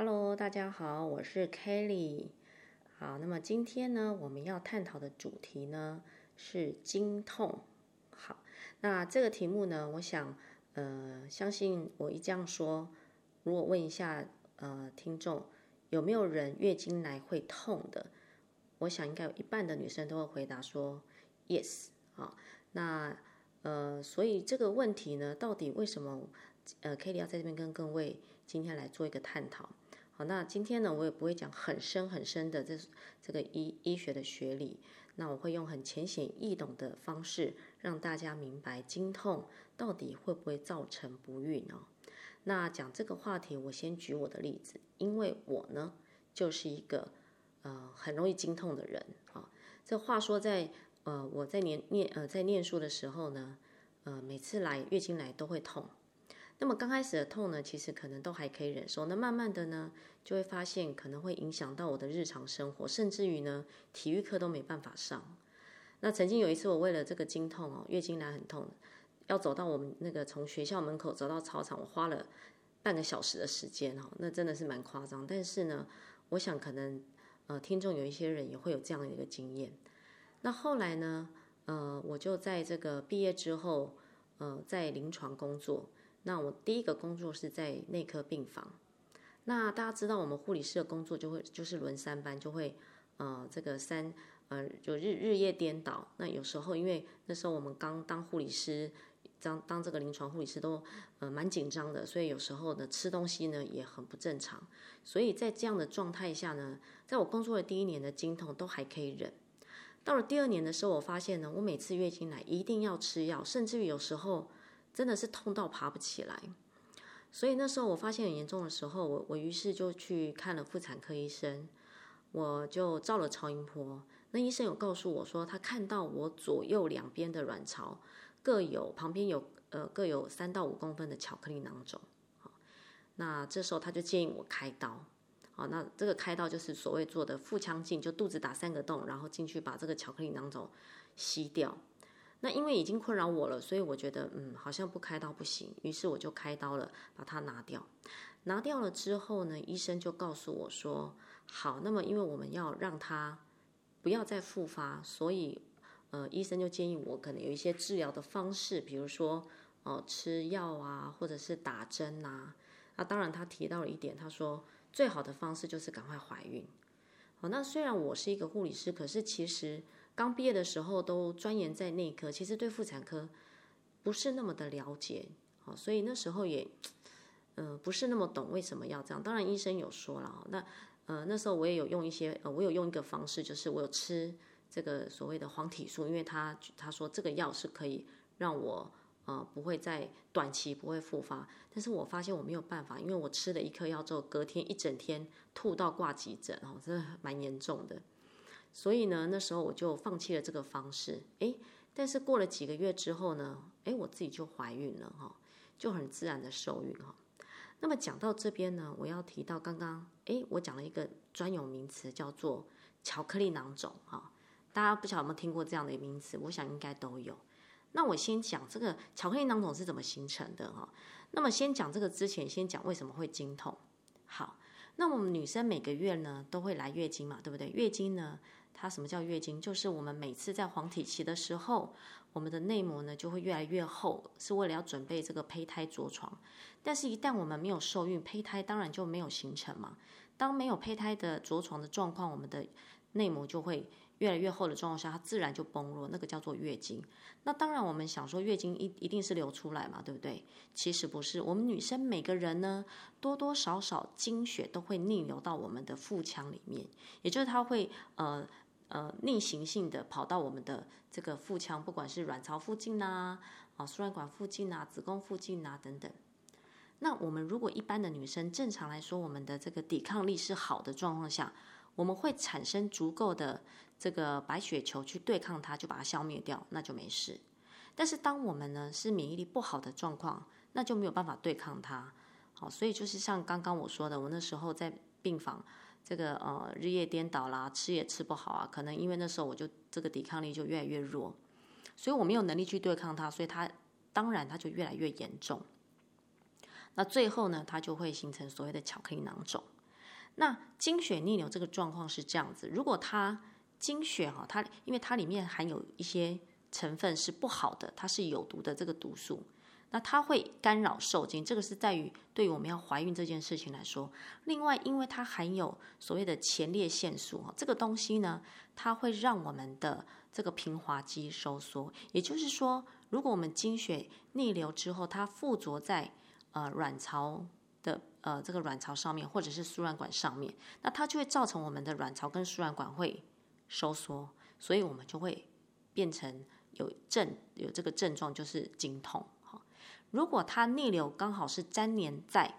Hello，大家好，我是 Kelly。好，那麼今天呢，我們要探討的主題呢是經痛。好，那這個題目呢，我想，呃，相信我一這樣說，如果問一下呃聽眾有沒有人月經來會痛的，我想應該有一半的女生都會回答說 Yes。好，那呃，所以這個問題呢，到底為什麼呃 Kelly 要在這邊跟各位今天來做一個探討？好，那今天呢，我也不會講很深很深的這這個醫醫學的學理，那我會用很淺顯易懂的方式，讓大家明白經痛到底會不會造成不孕哦。那講這個話題，我先舉我的例子，因為我呢就是一個呃很容易經痛的人啊，哦。這話說在呃我在念念呃在念書的時候呢，呃每次來月經來都會痛。那麼剛開始的痛呢，其實可能都還可以忍受。那慢慢的呢，就會發現可能會影響到我的日常生活，甚至於呢，體育課都沒辦法上。那曾經有一次，我為了這個經痛哦，月經來很痛，要走到我們那個從學校門口走到操場，我花了半個小時的時間哦。那真的是蠻誇張。但是呢，我想可能呃，聽眾有一些人也會有這樣的一個經驗。那後來呢，呃，我就在這個畢業之後，呃，在臨床工作。那我第一個工作是在內科病房。那大家知道，我們護理師的工作就會就是輪三班，就會呃這個三呃就日日夜顛倒。那有時候因為那時候我們剛當護理師，當當這個臨床護理師都呃蠻緊張的，所以有時候呢吃東西呢也很不正常。所以在這樣的狀態下呢，在我工作的第一年的經痛都還可以忍。到了第二年的時候，我發現呢，我每次月經來一定要吃藥，甚至於有時候。真的是痛到爬不起來，所以那時候我發現很嚴重的時候，我我於是就去看了婦產科醫生，我就照了超音波。那醫生有告訴我說，他看到我左右兩邊的卵巢各有旁邊有呃各有三到五公分的巧克力囊腫。好，那這時候他就建議我開刀。好，那這個開刀就是所謂做的腹腔鏡，就肚子打三個洞，然後進去把這個巧克力囊腫吸掉。那因為已經困擾我了，所以我覺得嗯，好像不開刀不行，於是我就開刀了，把它拿掉。拿掉了之後呢，醫生就告訴我說，好，那麼因為我們要讓它不要再復發，所以呃，醫生就建議我可能有一些治療的方式，比如說哦、呃、吃藥啊，或者是打針吶、啊。那、啊、當然他提到了一點，他說最好的方式就是趕快懷孕。好，那雖然我是一個護理師，可是其實。剛畢業的時候都鑽研在內科，其實對婦產科不是那麼的了解，哦，所以那時候也，嗯、呃，不是那麼懂為什麼要這樣。當然醫生有說了，那，呃，那時候我也有用一些，呃，我有用一個方式，就是我有吃這個所謂的黃體素，因為他他說這個藥是可以讓我呃不會在短期不會復發，但是我發現我沒有辦法，因為我吃了一顆藥之後，隔天一整天吐到掛急診，哦，真的蠻嚴重的。所以呢，那時候我就放棄了這個方式，哎，但是過了幾個月之後呢，哎，我自己就懷孕了哈、哦，就很自然的受孕哈、哦。那麼講到這邊呢，我要提到剛剛，哎，我講了一個專有名詞，叫做巧克力囊腫哈、哦，大家不曉得有沒有聽過這樣的名詞？我想應該都有。那我先講這個巧克力囊腫是怎麼形成的哈、哦。那麼先講這個之前，先講為什麼會經痛。好，那我們女生每個月呢都會來月經嘛，對不對？月經呢？它什麼叫月經？就是我們每次在黃體期的時候，我們的內膜呢就會越來越厚，是為了要準備這個胚胎着床。但是，一旦我們沒有受孕，胚胎當然就沒有形成嘛。當沒有胚胎的着床的狀況，我們的內膜就會越來越厚的狀況下，它自然就崩落，那個叫做月經。那當然，我們想說月經一一定是流出來嘛，對不對？其實不是，我們女生每個人呢，多多少少經血都會逆流到我們的腹腔裡面，也就是它會呃。呃，逆行性的跑到我們的這個腹腔，不管是卵巢附近吶、啊，啊輸卵管附近吶、啊，子宮附近吶、啊、等等。那我們如果一般的女生正常來說，我們的這個抵抗力是好的狀況下，我們會產生足夠的這個白血球去對抗它，就把它消滅掉，那就沒事。但是當我們呢是免疫力不好的狀況，那就沒有辦法對抗它。好，所以就是像剛剛我說的，我那時候在病房。這個呃日夜顛倒啦，吃也吃不好啊，可能因為那時候我就這個抵抗力就越來越弱，所以我沒有能力去對抗它，所以它當然它就越來越嚴重。那最後呢，它就會形成所謂的巧克力囊腫。那經血逆流這個狀況是這樣子：如果它經血哈、啊，它因為它裡面含有一些成分是不好的，它是有毒的，這個毒素。那它會干擾受精，這個是在於對於我們要懷孕這件事情來說。另外，因為它含有所謂的前列腺素，哈，這個東西呢，它會讓我們的這個平滑肌收縮。也就是說，如果我們經血逆流之後，它附着在呃卵巢的呃這個卵巢上面，或者是輸卵管上面，那它就會造成我們的卵巢跟輸卵管會收縮，所以我們就會變成有症有這個症狀，就是經痛。如果它逆流剛好是粘連在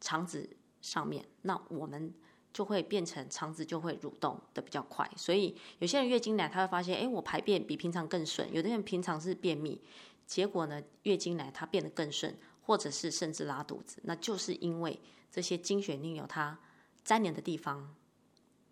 腸子上面，那我們就會變成腸子就會蠕動的比較快。所以有些人月經來，他會發現，哎，我排便比平常更順；有的人平常是便秘，結果呢月經來，它變得更順，或者是甚至拉肚子，那就是因為這些經血逆流它粘連的地方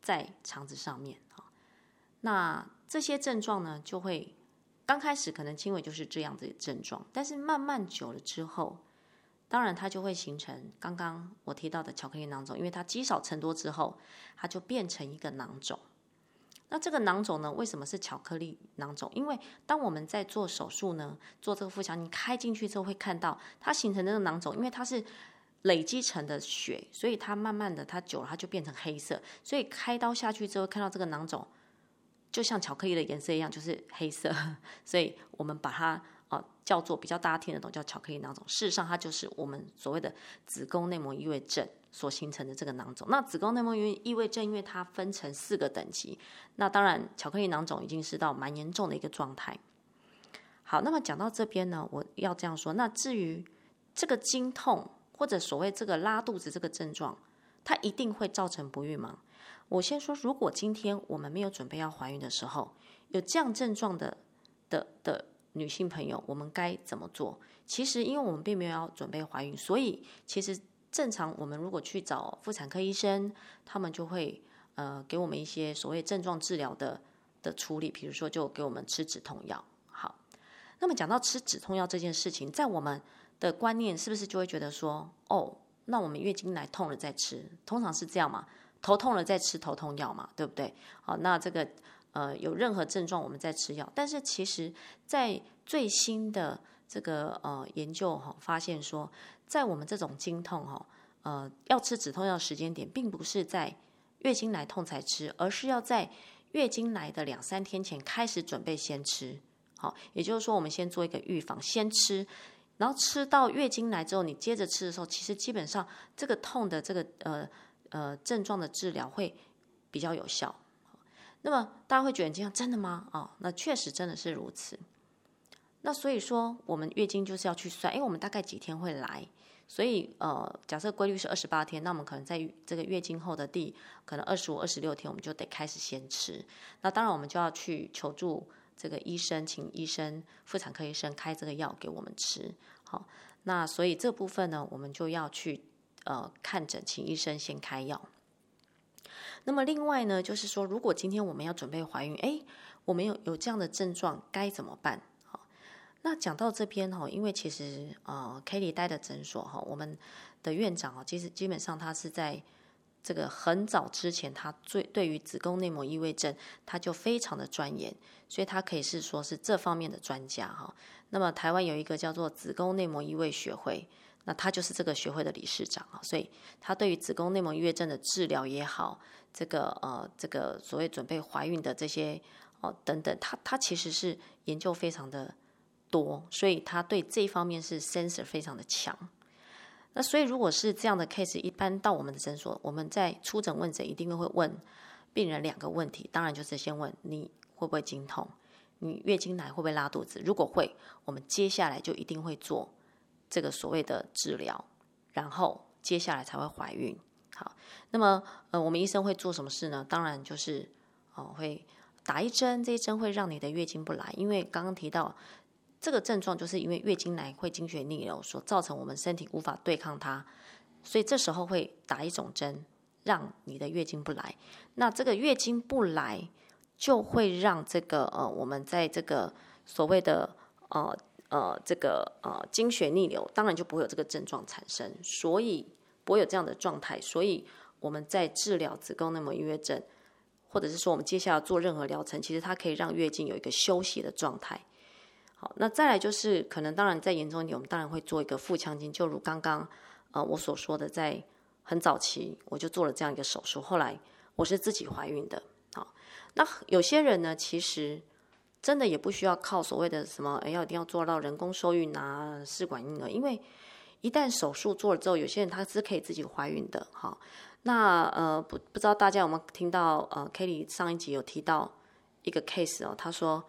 在腸子上面。那這些症狀呢，就會。剛開始可能輕微就是這樣子的症狀，但是慢慢久了之後，當然它就會形成剛剛我提到的巧克力囊腫，因為它積少成多之後，它就變成一個囊腫。那這個囊腫呢，為什麼是巧克力囊腫？因為當我們在做手術呢，做這個腹腔，你開進去之後會看到它形成這個囊腫，因為它是累積成的血，所以它慢慢的它久了它就變成黑色，所以開刀下去之後看到這個囊腫。就像巧克力的顏色一樣，就是黑色，所以我們把它啊、哦、叫做比較大家聽得懂叫巧克力囊腫。事實上，它就是我們所謂的子宮內膜異位症所形成的這個囊腫。那子宮內膜異異位症，因為它分成四個等級，那當然巧克力囊腫已經是到蠻嚴重的一個狀態。好，那麼講到這邊呢，我要這樣說。那至於這個經痛或者所謂這個拉肚子這個症狀，它一定會造成不孕嗎？我先說，如果今天我們沒有準備要懷孕的時候，有這樣症狀的的的女性朋友，我們該怎麼做？其實，因為我們並沒有要準備懷孕，所以其實正常我們如果去找婦產科醫生，他們就會呃給我們一些所謂症狀治療的的處理，比如說就給我們吃止痛藥。好，那麼講到吃止痛藥這件事情，在我們的觀念是不是就會覺得說，哦，那我們月經來痛了再吃，通常是這樣嘛？頭痛了再吃頭痛藥嘛，對不對？好，那這個呃，有任何症狀我們再吃藥。但是其實，在最新的這個呃研究哈、哦，發現說，在我們這種經痛哈、哦，呃，要吃止痛藥時間點，並不是在月經來痛才吃，而是要在月經來的兩三天前開始準備先吃。好，也就是說，我們先做一個預防，先吃，然後吃到月經來之後，你接着吃的時候，其實基本上這個痛的這個呃。呃，症狀的治療會比較有效。那麼大家會覺得這樣真的嗎？啊、哦，那確實真的是如此。那所以說，我們月經就是要去算，因為我們大概幾天會來。所以，呃，假設規律是二十八天，那我們可能在這個月經後的第可能二十五、二十六天，我們就得開始先吃。那當然，我們就要去求助這個醫生，請醫生、婦產科醫生開這個藥給我們吃。好，那所以這部分呢，我們就要去。呃，看診，請醫生先開藥。那麼另外呢，就是說，如果今天我們要準備懷孕，哎，我們有有這樣的症狀，該怎麼辦？好，那講到這邊哈、哦，因為其實呃，Kelly 待的診所哈、哦，我們的院長啊、哦，其實基本上他是在這個很早之前，他最對於子宮內膜異位症，他就非常的專研，所以他可以是說是這方面的專家哈、哦。那麼台灣有一個叫做子宮內膜異位學會。那他就是這個學會的理事長啊，所以他對於子宮內膜異位症的治療也好，這個呃這個所謂準備懷孕的這些哦、呃、等等，他他其實是研究非常的多，所以他對這一方面是 sensor 非常的強。那所以如果是這樣的 case，一般到我們的診所，我們在初診問診一定會問病人兩個問題，當然就是先問你會不會經痛，你月經來會不會拉肚子，如果會，我們接下來就一定會做。這個所謂的治療，然後接下來才會懷孕。好，那麼呃，我們醫生會做什麼事呢？當然就是哦、呃，會打一針，這一針會讓你的月經不來，因為剛剛提到這個症狀，就是因為月經來會經血逆流，所造成我們身體無法對抗它，所以這時候會打一種針，讓你的月經不來。那這個月經不來，就會讓這個呃，我們在這個所謂的呃。呃，這個呃經血逆流，當然就不會有這個症狀產生，所以不會有這樣的狀態。所以我們在治療子宮內膜異位症，或者是說我們接下來做任何療程，其實它可以讓月經有一個休息的狀態。好，那再來就是可能，當然再嚴重一點，我們當然會做一個腹腔鏡，就如剛剛呃我所說的，在很早期我就做了這樣一個手術，後來我是自己懷孕的。好，那有些人呢，其實。真的也不需要靠所謂的什麼，哎，要一定要做到人工受孕啊，試管嬰兒。因為一旦手術做了之後，有些人他是可以自己懷孕的。好，那呃，不不知道大家有沒有聽到？呃，Kelly 上一集有提到一個 case 哦，他說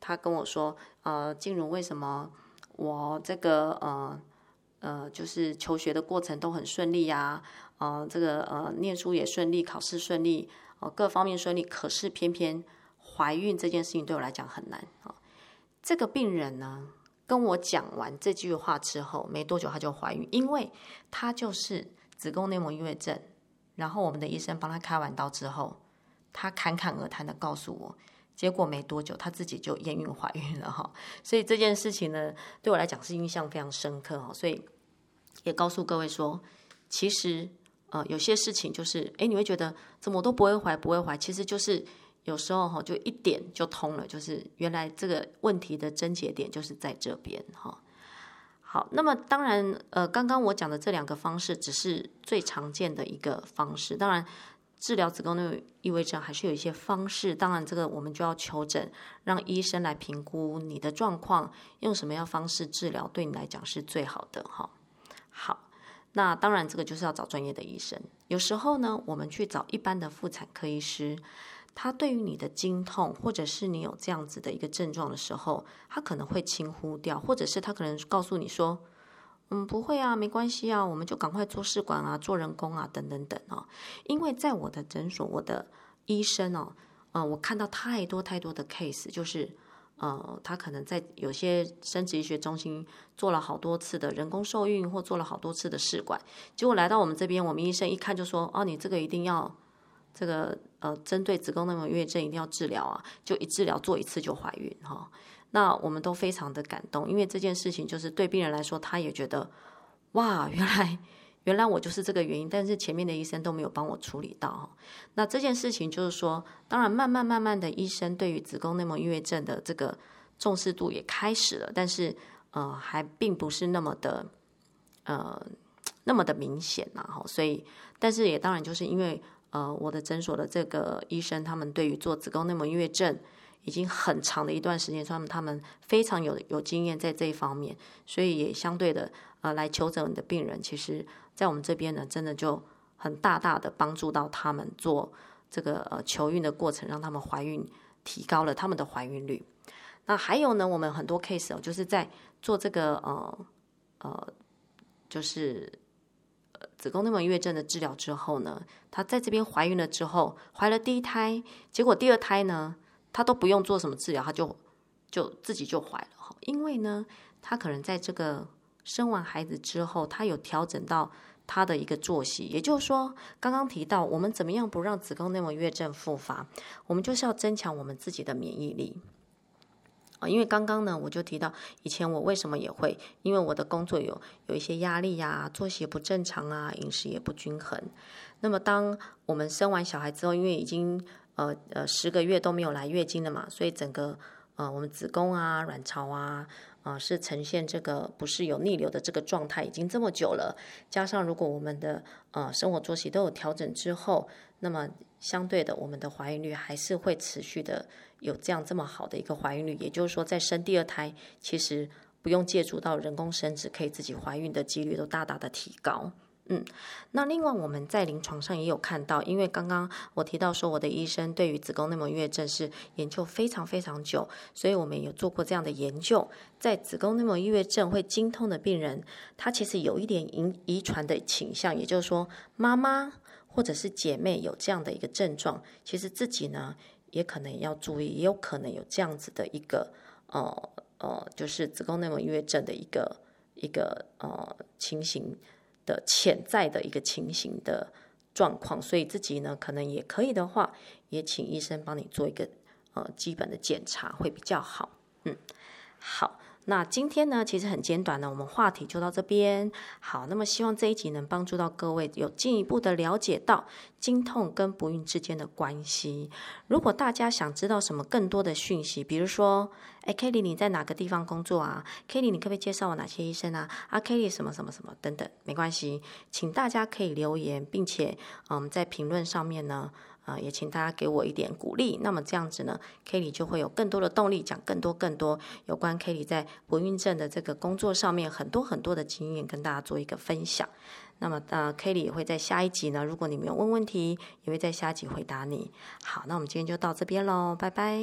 他跟我說，呃，靜茹為什麼我這個呃呃就是求學的過程都很順利呀，啊，呃，這個呃念書也順利，考試順利，哦、呃，各方面順利，可是偏偏。懷孕這件事情對我來講很難啊。這個病人呢，跟我講完這句話之後，沒多久他就懷孕，因為他就是子宮內膜異位症。然後我們的醫生幫他開完刀之後，他侃侃而談的告訴我，結果沒多久他自己就驗孕懷孕了哈。所以這件事情呢，對我來講是印象非常深刻哈。所以也告訴各位說，其實呃有些事情就是，誒，你會覺得怎麼我都不會懷不會懷，其實就是。有時候就一點就通了，就是原來這個問題的症結點就是在這邊哈。好，那麼當然，呃，剛剛我講的這兩個方式只是最常見的一個方式。當然，治療子宮內膜異位症還是有一些方式。當然，這個我們就要求診，讓醫生來評估你的狀況，用什麼樣的方式治療對你來講是最好的哈。好，那當然這個就是要找專業的醫生。有時候呢，我們去找一般的婦產科醫師。他對於你的經痛，或者是你有這樣子的一個症狀的時候，他可能會輕忽掉，或者是他可能告訴你說：“嗯，不會啊，沒關係啊，我們就趕快做試管啊，做人工啊，等等等哦。”因為在我的診所，我的醫生哦，呃，我看到太多太多的 case，就是呃，他可能在有些生殖醫學中心做了好多次的人工受孕，或做了好多次的試管，結果來到我們這邊，我們醫生一看就說：“哦、啊，你這個一定要。”這個呃，針對子宮內膜異位症一定要治療啊，就一治療做一次就懷孕哈、哦。那我們都非常的感動，因為這件事情就是對病人來說，他也覺得哇，原來原來我就是這個原因，但是前面的醫生都沒有幫我處理到。哦、那這件事情就是說，當然慢慢慢慢的，醫生對於子宮內膜異位症的這個重視度也開始了，但是呃，還並不是那麼的呃那麼的明顯吶、啊。哈、哦，所以但是也當然就是因為。呃，我的診所的這個醫生，他們對於做子宮內膜異位症，已經很長的一段時間，他們他們非常有有經驗在這一方面，所以也相對的呃來求診的病人，其實，在我們這邊呢，真的就很大大的幫助到他們做這個呃求孕的過程，讓他們懷孕，提高了他們的懷孕率。那還有呢，我們很多 case 哦，就是在做這個呃呃，就是。子宮內膜月症的治療之後呢，她在這邊懷孕了之後，懷了第一胎，結果第二胎呢，她都不用做什麼治療，她就就自己就懷了哈。因為呢，她可能在這個生完孩子之後，她有調整到她的一個作息，也就是說，剛剛提到我們怎麼樣不讓子宮內膜月症復發，我們就是要增強我們自己的免疫力。啊，因為剛剛呢，我就提到以前我為什麼也會，因為我的工作有有一些壓力呀、啊，作息不正常啊，飲食也不均衡。那麼，當我們生完小孩之後，因為已經呃呃十個月都沒有來月經了嘛，所以整個呃我們子宮啊、卵巢啊，啊、呃，是呈現這個不是有逆流的這個狀態已經這麼久了，加上如果我們的呃生活作息都有調整之後，那麼相對的我們的懷孕率還是會持續的有這樣這麼好的一個懷孕率，也就是說，再生第二胎其實不用借助到人工生殖，可以自己懷孕的幾率都大大的提高。嗯，那另外我們在臨床上也有看到，因為剛剛我提到說，我的醫生對於子宮內膜異位症是研究非常非常久，所以我們有做過這樣的研究，在子宮內膜異位症會經痛的病人，他其實有一點遺遺傳的傾向，也就是說，媽媽或者是姐妹有這樣的一個症狀，其實自己呢也可能要注意，也有可能有這樣子的一個呃呃，就是子宮內膜異位症的一個一個呃情形，的潛在的一個情形的狀況，所以自己呢，可能也可以的話，也請醫生幫你做一個呃基本的檢查會比較好。嗯，好。那今天呢，其實很簡短的，我們話題就到這邊。好，那麼希望這一集能幫助到各位，有進一步的了解到經痛跟不孕之間的關係。如果大家想知道什麼更多的訊息，比如說，哎，Kelly，你在哪個地方工作啊？Kelly，你可不可以介紹我哪些醫生啊？阿 Kelly，什麼什麼什麼等等，沒關係，請大家可以留言，並且，嗯，在評論上面呢。啊、呃，也請大家給我一點鼓勵。那麼這樣子呢，Kelly 就會有更多的動力，講更多、更多有關 Kelly 在不孕症的這個工作上面很多很多的經驗，跟大家做一個分享。那麼，呃，Kelly 也會在下一集呢，如果你沒有問問題，也會在下一集回答你。好，那我們今天就到這邊嘍，拜拜。